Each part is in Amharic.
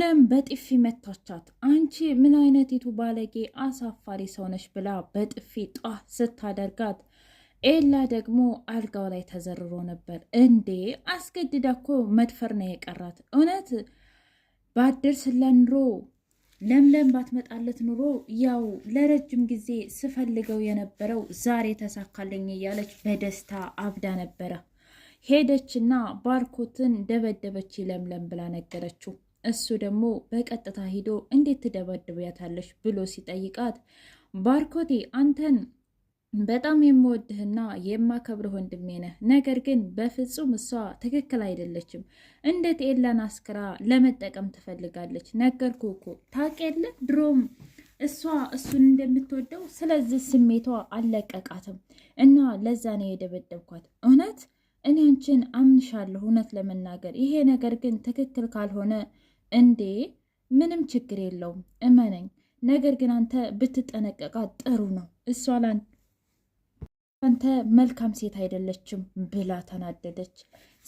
ሁለም በጥፊ መታቻት። አንቺ ምን አይነት ይቱ ባለጌ አሳፋሪ ሰውነሽ ብላ በጥፊ ጧ ስታደርጋት ኤላ ደግሞ አልጋው ላይ ተዘርሮ ነበር። እንዴ አስገድዳ እኮ መድፈር ነው የቀራት። እውነት ባደርስላ ስለንሮ ለምለም ባትመጣለት ኑሮ ያው ለረጅም ጊዜ ስፈልገው የነበረው ዛሬ ተሳካልኝ እያለች በደስታ አብዳ ነበረ። ሄደችና ባርኮትን ደበደበች ለምለም ብላ ነገረችው። እሱ ደግሞ በቀጥታ ሂዶ እንዴት ትደበድብያታለሽ ብሎ ሲጠይቃት ባርኮቴ አንተን በጣም የምወድህና የማከብርህ ወንድሜ ነህ። ነገር ግን በፍጹም እሷ ትክክል አይደለችም። እንዴት ኤላን አስክራ ለመጠቀም ትፈልጋለች? ነገርኩ እኮ የለ ድሮም እሷ እሱን እንደምትወደው ስለዚህ ስሜቷ አለቀቃትም እና ለዛ ነው የደበደብኳት። እውነት እኔ አንቺን አምንሻለሁ እውነት ለመናገር ይሄ ነገር ግን ትክክል ካልሆነ እንዴ ምንም ችግር የለውም እመነኝ። ነገር ግን አንተ ብትጠነቀቃት ጥሩ ነው። እሷ አንተ መልካም ሴት አይደለችም ብላ ተናደደች።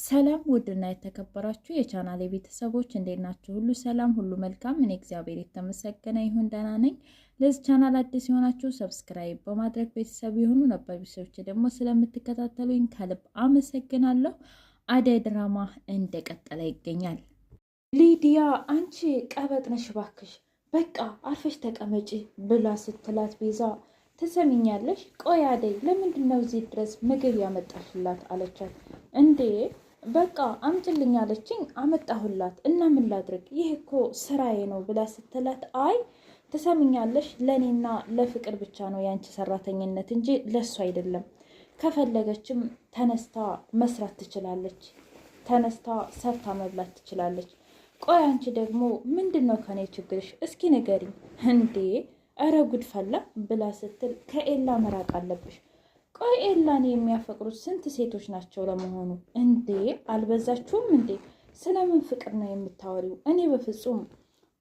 ሰላም ውድና የተከበራችሁ የቻናል ቤተሰቦች እንዴት ናችሁ? ሁሉ ሰላም፣ ሁሉ መልካም። እኔ እግዚአብሔር የተመሰገነ ይሁን ደህና ነኝ። ለዚህ ቻናል አዲስ የሆናችሁ ሰብስክራይብ በማድረግ ቤተሰብ የሆኑ ነበር። ቤተሰቦች ደግሞ ስለምትከታተሉኝ ከልብ አመሰግናለሁ። አደይ ድራማ እንደቀጠለ ይገኛል። ሊዲያ አንቺ ቀበጥ ነሽ እባክሽ፣ በቃ አርፈሽ ተቀመጪ ብላ ስትላት ቤዛ ትሰሚኛለሽ? ቆይ አደይ ለምንድን ነው እዚህ ድረስ ምግብ ያመጣሽላት? አለቻት። እንዴ በቃ አምጭልኝ አለችኝ አመጣሁላት እና ምን ላድርግ? ይህ እኮ ስራዬ ነው ብላ ስትላት አይ ትሰሚኛለሽ፣ ለእኔና ለፍቅር ብቻ ነው የአንቺ ሰራተኝነት እንጂ ለሱ አይደለም። ከፈለገችም ተነስታ መስራት ትችላለች፣ ተነስታ ሰርታ መብላት ትችላለች። ቆይ አንቺ ደግሞ ምንድን ነው ከኔ ችግርሽ? እስኪ ንገሪኝ እንዴ! እረ ጉድ ፈላ ብላ ስትል ከኤላ መራቅ አለብሽ። ቆይ ኤላን የሚያፈቅሩት ስንት ሴቶች ናቸው ለመሆኑ? እንዴ አልበዛችሁም እንዴ? ስለምን ፍቅር ነው የምታወሪው? እኔ በፍጹም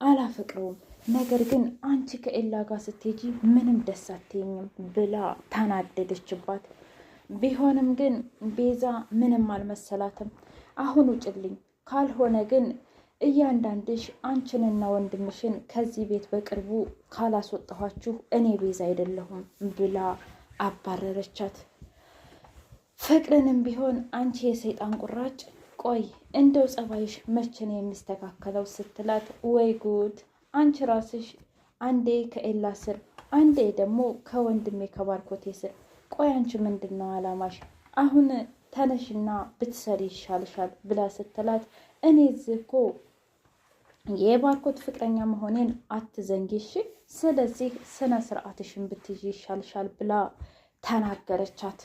አላፈቅረውም። ነገር ግን አንቺ ከኤላ ጋር ስትሄጂ ምንም ደስ አትይኝም ብላ ተናደደችባት። ቢሆንም ግን ቤዛ ምንም አልመሰላትም። አሁን ውጭልኝ ካልሆነ ግን እያንዳንድሽ አንቺንና ወንድምሽን ከዚህ ቤት በቅርቡ ካላስወጣኋችሁ እኔ ቤዛ አይደለሁም ብላ አባረረቻት። ፍቅርንም ቢሆን አንቺ የሰይጣን ቁራጭ ቆይ እንደው ጸባይሽ መቼ ነው የሚስተካከለው? ስትላት ወይ ጉድ አንቺ ራስሽ አንዴ ከኤላ ስር አንዴ ደግሞ ከወንድሜ ከባርኮቴ ስር። ቆይ አንቺ ምንድን ነው አላማሽ? አሁን ተነሽና ብትሰሪ ይሻልሻል ብላ ስትላት እኔ እዚህ እኮ የባርኮት ፍቅረኛ መሆኔን አትዘንጊሽ፣ ስለዚህ ስነ ስርዓትሽን ብትይዥ ይሻልሻል ብላ ተናገረቻት።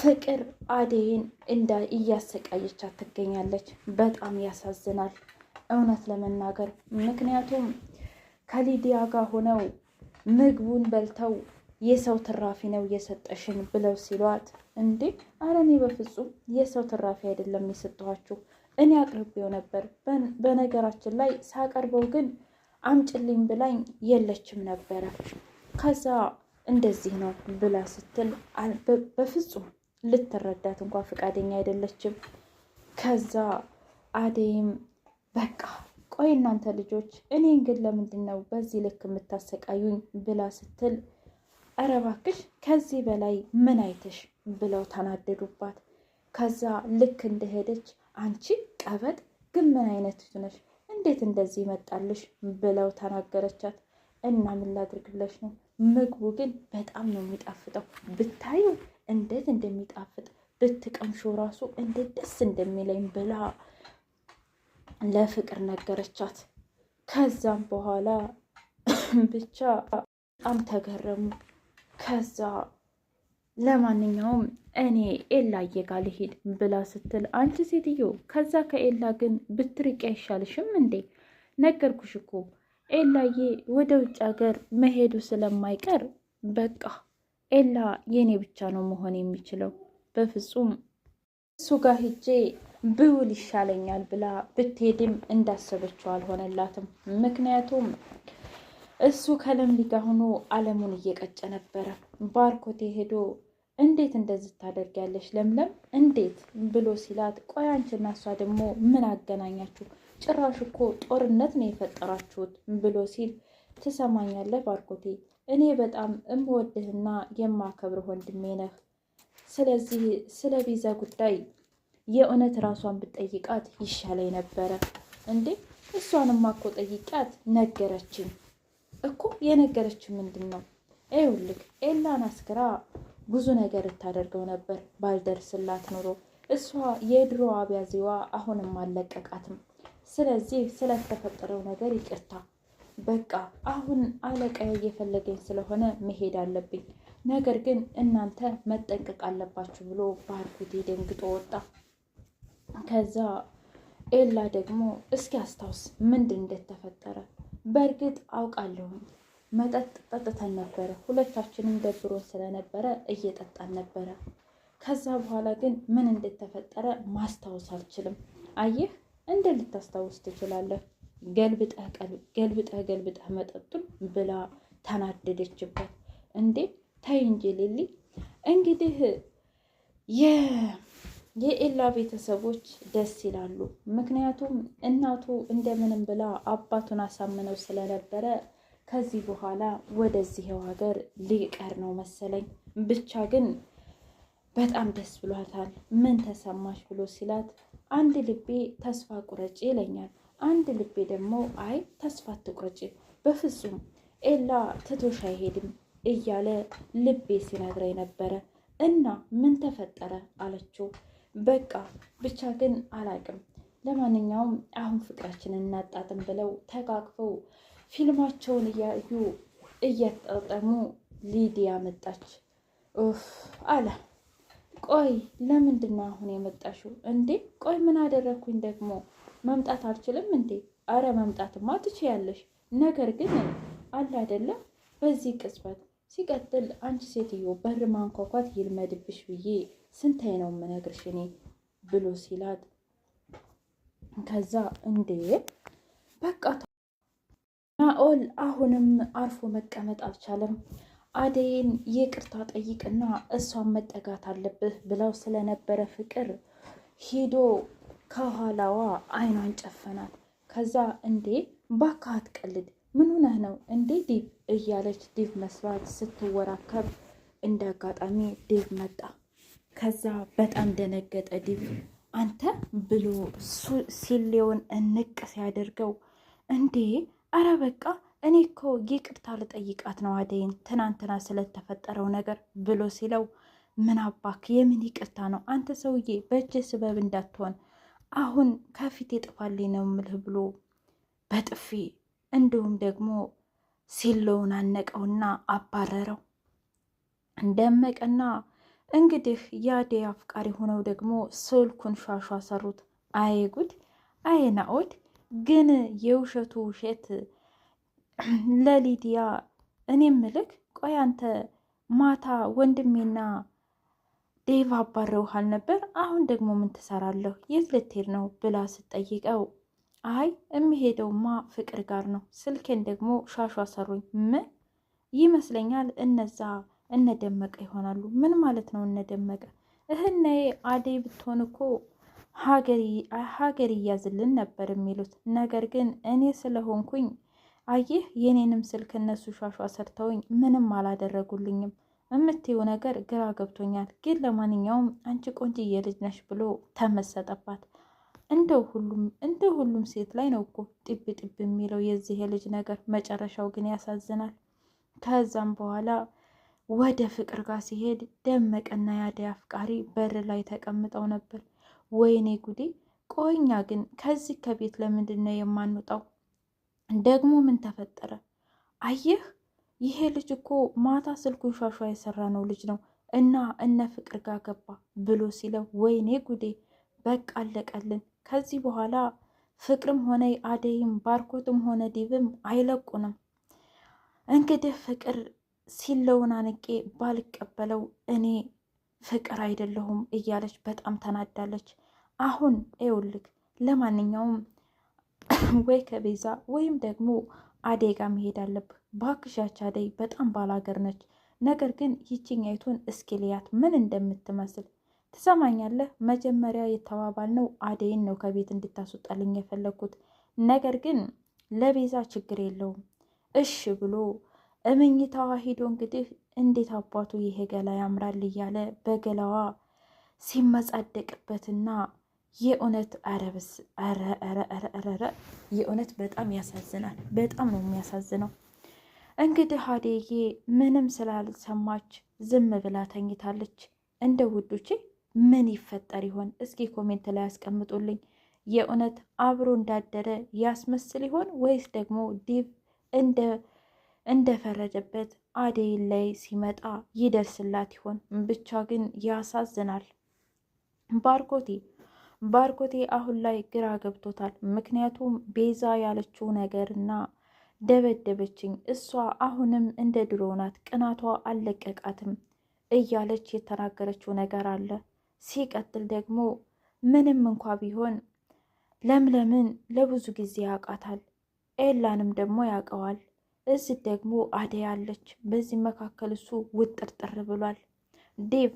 ፍቅር አደይን እንዳ እያሰቃየቻት ትገኛለች። በጣም ያሳዝናል እውነት ለመናገር ምክንያቱም ከሊዲያ ጋር ሆነው ምግቡን በልተው የሰው ትራፊ ነው የሰጠሽን ብለው ሲሏት፣ እንዴ አረ እኔ በፍጹም የሰው ትራፊ አይደለም የሰጠኋችሁ እኔ አቅርቤው ነበር። በነገራችን ላይ ሳቀርበው ግን አምጭልኝ ብላኝ የለችም ነበረ። ከዛ እንደዚህ ነው ብላ ስትል በፍጹም ልትረዳት እንኳ ፈቃደኛ አይደለችም። ከዛ አደይም በቃ ቆይ እናንተ ልጆች እኔን ግን ለምንድን ነው በዚህ ልክ የምታሰቃዩኝ? ብላ ስትል ኧረ እባክሽ ከዚህ በላይ ምን አይተሽ ብለው ተናደዱባት። ከዛ ልክ እንደሄደች አንቺ ቀበጥ ግን ምን አይነት ነሽ? እንዴት እንደዚህ ይመጣልሽ? ብለው ተናገረቻት። እና ምን ላድርግ ብለሽ ነው? ምግቡ ግን በጣም ነው የሚጣፍጠው። ብታዩ እንዴት እንደሚጣፍጥ ብትቀምሾ ራሱ እንዴት ደስ እንደሚለኝ ብላ ለፍቅር ነገረቻት። ከዛም በኋላ ብቻ በጣም ተገረሙ። ከዛ ለማንኛውም እኔ ኤላ እየጋ ልሂድ ብላ ስትል፣ አንቺ ሴትዮ ከዛ ከኤላ ግን ብትርቂ አይሻልሽም እንዴ? ነገርኩሽ እኮ ኤላዬ ወደ ውጭ ሀገር መሄዱ ስለማይቀር በቃ ኤላ የኔ ብቻ ነው መሆን የሚችለው። በፍጹም እሱ ጋር ሂጄ ብውል ይሻለኛል ብላ ብትሄድም እንዳሰበችው አልሆነላትም። ምክንያቱም እሱ ከለምሊ ጋር ሆኖ አለሙን እየቀጨ ነበረ። ባርኮቴ ሄዶ እንዴት እንደዚህ ታደርጊያለሽ ለምለም እንዴት ብሎ ሲላት፣ ቆይ አንቺና እሷ ደግሞ ምን አገናኛችሁ? ጭራሽ እኮ ጦርነት ነው የፈጠራችሁት ብሎ ሲል፣ ትሰማኛለህ ባርኮቴ፣ እኔ በጣም እምወድህና የማከብርህ ወንድሜ ነህ። ስለዚህ ስለ ቤዛ ጉዳይ የእውነት ራሷን ብጠይቃት ይሻለኝ ነበረ። እንዴ እሷንማ እኮ ጠይቂያት ነገረችኝ እኮ። የነገረችኝ ምንድን ነው? ይኸውልህ ኤላን አስክራ ብዙ ነገር እታደርገው ነበር ባልደርስላት ኑሮ። እሷ የድሮ ዜዋ አሁንም አለቀቃትም። ስለዚህ ስለተፈጠረው ነገር ይቅርታ በቃ አሁን አለቃ እየፈለገኝ ስለሆነ መሄድ አለብኝ፣ ነገር ግን እናንተ መጠንቀቅ አለባችሁ ብሎ ባርኩቴ ደንግጦ ወጣ። ከዛ ኤላ ደግሞ እስኪ አስታውስ ምንድን እንደተፈጠረ በእርግጥ አውቃለሁም መጠጥ ጠጥተን ነበረ። ሁለታችንም ደብሮ ስለነበረ እየጠጣን ነበረ። ከዛ በኋላ ግን ምን እንደተፈጠረ ማስታወስ አልችልም። አየህ እንደ ልታስታውስ ትችላለህ። ገልብጠህ ገልብጠህ መጠጡን ብላ ተናደደችበት። እንዴ ተይ እንጂ እንግዲህ የኤላ ቤተሰቦች ደስ ይላሉ። ምክንያቱም እናቱ እንደምንም ብላ አባቱን አሳምነው ስለነበረ ከዚህ በኋላ ወደዚህው ሀገር ሊቀር ነው መሰለኝ። ብቻ ግን በጣም ደስ ብሏታል። ምን ተሰማሽ ብሎ ሲላት አንድ ልቤ ተስፋ ቁረጭ ይለኛል፣ አንድ ልቤ ደግሞ አይ ተስፋ ትቁረጭ በፍጹም ኤላ ትቶሽ አይሄድም እያለ ልቤ ሲነግረኝ ነበረ። እና ምን ተፈጠረ አለችው። በቃ ብቻ ግን አላቅም። ለማንኛውም አሁን ፍቅራችንን እናጣጥም ብለው ተቃቅፈው ፊልማቸውን እያዩ እያጣጠሙ ሊዲያ መጣች። ኡፍ አለ። ቆይ ለምንድን ነው አሁን የመጣሽው እንዴ? ቆይ ምን አደረግኩኝ ደግሞ? መምጣት አልችልም እንዴ? አረ መምጣትማ ትችያለሽ። ነገር ግን አለ አይደለም በዚህ ቅጽበት ሲቀጥል አንቺ ሴትዮ በር ማንኳኳት ይልመድብሽ ብዬ ስንታይ ነው የምነግርሽ እኔ ብሎ ሲላት፣ ከዛ እንዴ በቃ ናኦል አሁንም አርፎ መቀመጥ አልቻለም። አደይን ይቅርታ ጠይቅና እሷን መጠጋት አለብህ ብለው ስለነበረ ፍቅር ሂዶ ከኋላዋ አይኗን ጨፈናት። ከዛ እንዴ ባካት ቀልድ ምን ሆነህ ነው እንዴ ዲቭ እያለች ዲቭ መስራት ስትወራከብ እንደ አጋጣሚ ዲቭ መጣ። ከዛ በጣም ደነገጠ ዲቭ አንተ ብሎ ሲሊዮን እንቅ ሲያደርገው እንዴ አረ በቃ እኔ እኮ ይቅርታ ልጠይቃት ነው አደይን ትናንትና ስለተፈጠረው ነገር ብሎ ሲለው ምን አባክ የምን ይቅርታ ነው አንተ ሰውዬ በእጅ ስበብ እንዳትሆን አሁን ከፊት የጥፋልኝ ነው ምልህ ብሎ በጥፊ እንዲሁም ደግሞ ሲለውን አነቀውና አባረረው። ደመቀና እንግዲህ የአደይ አፍቃሪ ሆነው ደግሞ ስልኩን ሻሿ ሰሩት። አይ ጉድ! አይ ናኦድ ግን የውሸቱ ውሸት ለሊዲያ እኔም ልክ ቆይ አንተ ማታ ወንድሜና ዴቭ አባረውሃል ነበር፣ አሁን ደግሞ ምን ትሰራለሁ? የት ልትሄድ ነው ብላ ስጠይቀው አይ የሚሄደውማ ፍቅር ጋር ነው፣ ስልኬን ደግሞ ሻሹ አሰሩኝ። ምን ይመስለኛል እነዛ እነደመቀ ይሆናሉ። ምን ማለት ነው እነደመቀ? እህነ አደይ ብትሆን እኮ ሀገር ይያዝልን ነበር የሚሉት። ነገር ግን እኔ ስለሆንኩኝ አየህ፣ የኔንም ስልክ እነሱ ሻሿ ሰርተውኝ ምንም አላደረጉልኝም። የምትይው ነገር ግራ ገብቶኛል፣ ግን ለማንኛውም አንቺ ቆንጅዬ ልጅ ነሽ ብሎ ተመሰጠባት። እንደው ሁሉም እንደ ሁሉም ሴት ላይ ነው እኮ ጥብ ጥብ የሚለው የዚህ የልጅ ነገር። መጨረሻው ግን ያሳዝናል። ከዛም በኋላ ወደ ፍቅር ጋር ሲሄድ ደመቀና ያደይ አፍቃሪ በር ላይ ተቀምጠው ነበር። ወይኔ ጉዴ! ቆይኛ ግን ከዚህ ከቤት ለምንድን ነው የማንወጣው? ደግሞ ምን ተፈጠረ? አየህ ይሄ ልጅ እኮ ማታ ስልኩን ሻሿ የሰራ ነው ልጅ ነው እና እነ ፍቅር ጋር ገባ ብሎ ሲለው፣ ወይኔ ጉዴ! በቃ አለቀልን። ከዚህ በኋላ ፍቅርም ሆነ አደይም ባርኮትም ሆነ ዲብም አይለቁንም። እንግዲህ ፍቅር ሲለውን አንቄ ባልቀበለው እኔ ፍቅር አይደለሁም እያለች በጣም ተናዳለች። አሁን ይኸውልህ ለማንኛውም ወይ ከቤዛ ወይም ደግሞ አደይ መሄድ አለብህ። ባክሻች አደይ በጣም ባላገር ነች። ነገር ግን ይችኛይቱን እስኪልያት ምን እንደምትመስል ትሰማኛለህ። መጀመሪያ የተባባልነው አደይን ነው ከቤት እንድታስወጣልኝ የፈለግኩት። ነገር ግን ለቤዛ ችግር የለውም እሺ ብሎ እምኝታዋ ሂዶ እንግዲህ እንዴት አባቱ ይሄ ገላ ያምራል እያለ በገላዋ ሲመጻደቅበትና የእውነት አረብስ ረረረረረ የእውነት በጣም ያሳዝናል። በጣም ነው የሚያሳዝነው። እንግዲህ ሀዴዬ ምንም ስላልሰማች ዝም ብላ ተኝታለች። እንደ ውዶቼ ምን ይፈጠር ይሆን? እስኪ ኮሜንት ላይ ያስቀምጡልኝ። የእውነት አብሮ እንዳደረ ያስመስል ይሆን ወይስ ደግሞ ዲብ እንደፈረደበት አደይ ላይ ሲመጣ ይደርስላት ይሆን? ብቻ ግን ያሳዝናል። ባርኮቴ ባርኮቴ አሁን ላይ ግራ ገብቶታል። ምክንያቱም ቤዛ ያለችው ነገር እና ደበደበችኝ፣ እሷ አሁንም እንደ ድሮ ናት፣ ቅናቷ አልለቀቃትም እያለች የተናገረችው ነገር አለ። ሲቀጥል ደግሞ ምንም እንኳ ቢሆን ለምለምን ለብዙ ጊዜ ያውቃታል፣ ኤላንም ደግሞ ያውቀዋል። እዚህ ደግሞ አደይ አለች። በዚህ መካከል እሱ ውጥርጥር ብሏል። ዴቭ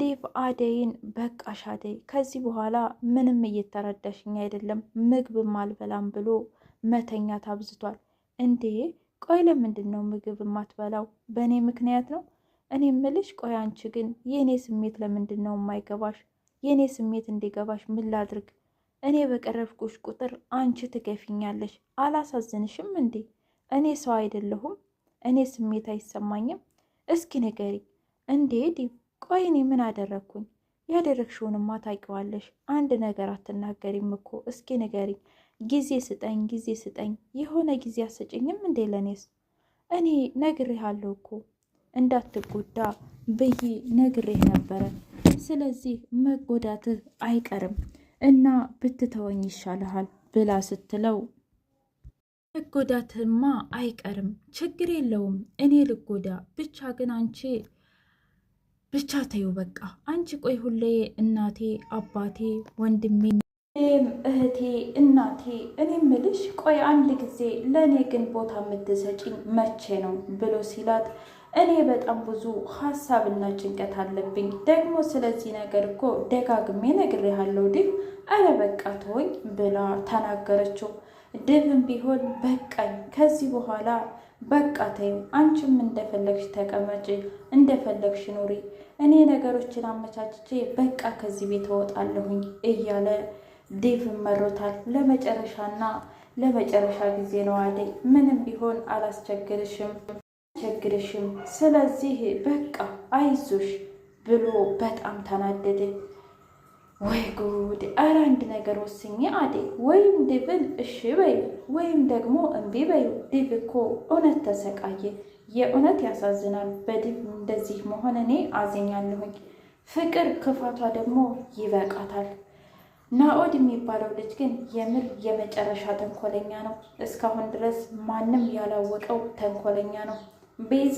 ዴቭ አደይን በቃሽ አደይ፣ ከዚህ በኋላ ምንም እየተረዳሽኝ አይደለም፣ ምግብም አልበላም ብሎ መተኛት አብዝቷል። እንዴ ቆይ ለምንድን ነው ምግብ የማትበላው? በእኔ ምክንያት ነው? እኔ ምልሽ ቆይ አንቺ ግን የእኔ ስሜት ለምንድን ነው የማይገባሽ? የእኔ ስሜት እንዲገባሽ ምን ላድርግ? እኔ በቀረብኩሽ ቁጥር አንቺ ትገፊኛለሽ። አላሳዝንሽም እንዴ? እኔ ሰው አይደለሁም? እኔ ስሜት አይሰማኝም? እስኪ ንገሪ እንዴ ዲብ፣ ቆይ እኔ ምን አደረግኩኝ? ያደረግሽውንማ ታውቂዋለሽ። አንድ ነገር አትናገሪም እኮ እስኪ ንገሪ። ጊዜ ስጠኝ፣ ጊዜ ስጠኝ። የሆነ ጊዜ አሰጭኝም እንዴ ለእኔስ? እኔ ነግሬሃለሁ እኮ እንዳትጎዳ ብዬ ነግሬህ ነበረ። ስለዚህ መጎዳትህ አይቀርም እና ብትተወኝ ይሻልሃል ብላ ስትለው መጎዳትማ አይቀርም ችግር የለውም እኔ ልጎዳ ብቻ ግን አንቺ ብቻ ተዩ በቃ አንቺ ቆይ ሁሌ እናቴ አባቴ ወንድሜ እህቴ እናቴ እኔ ምልሽ ቆይ አንድ ጊዜ ለእኔ ግን ቦታ የምትሰጪኝ መቼ ነው ብሎ ሲላት እኔ በጣም ብዙ ሀሳብና ጭንቀት አለብኝ ደግሞ ስለዚህ ነገር እኮ ደጋግሜ ነግሬሃለሁ ድል አረ በቃ ተወኝ ብላ ተናገረችው ድብም ቢሆን በቃኝ፣ ከዚህ በኋላ በቃ ተይው፣ አንቺም እንደፈለግሽ ተቀመጪ፣ እንደፈለግሽ ኑሪ፣ እኔ ነገሮችን አመቻችቼ በቃ ከዚህ ቤት እወጣለሁኝ እያለ ዴቭ መሮታል። ለመጨረሻና ለመጨረሻ ጊዜ ነው አደይ፣ ምንም ቢሆን አላስቸግርሽም አላስቸግርሽም፣ ስለዚህ በቃ አይዞሽ ብሎ በጣም ተናደደ። ወይ ጉድ! ኧረ አንድ ነገር ወስኝ አዴ ወይም ድብን እሺ በዩ ወይም ደግሞ እምቢ በዩ። ድብ እኮ እውነት ተሰቃየ። የእውነት ያሳዝናል። በዲብ እንደዚህ መሆን እኔ አዝኛለሁኝ። ፍቅር ክፋቷ ደግሞ ይበቃታል። ናኦድ የሚባለው ልጅ ግን የምር የመጨረሻ ተንኮለኛ ነው። እስካሁን ድረስ ማንም ያላወቀው ተንኮለኛ ነው። ቤዛ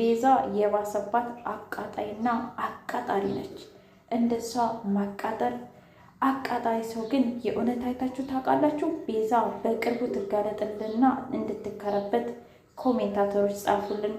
ቤዛ የባሰባት አቃጣይና አቃጣሪ ነች። እንደሷ ማቃጠል አቃጣይ ሰው ግን የእውነት አይታችሁ ታውቃላችሁ? ቤዛ በቅርቡ ትጋለጥልና እንድትከረበት ኮሜንታተሮች ጻፉልን።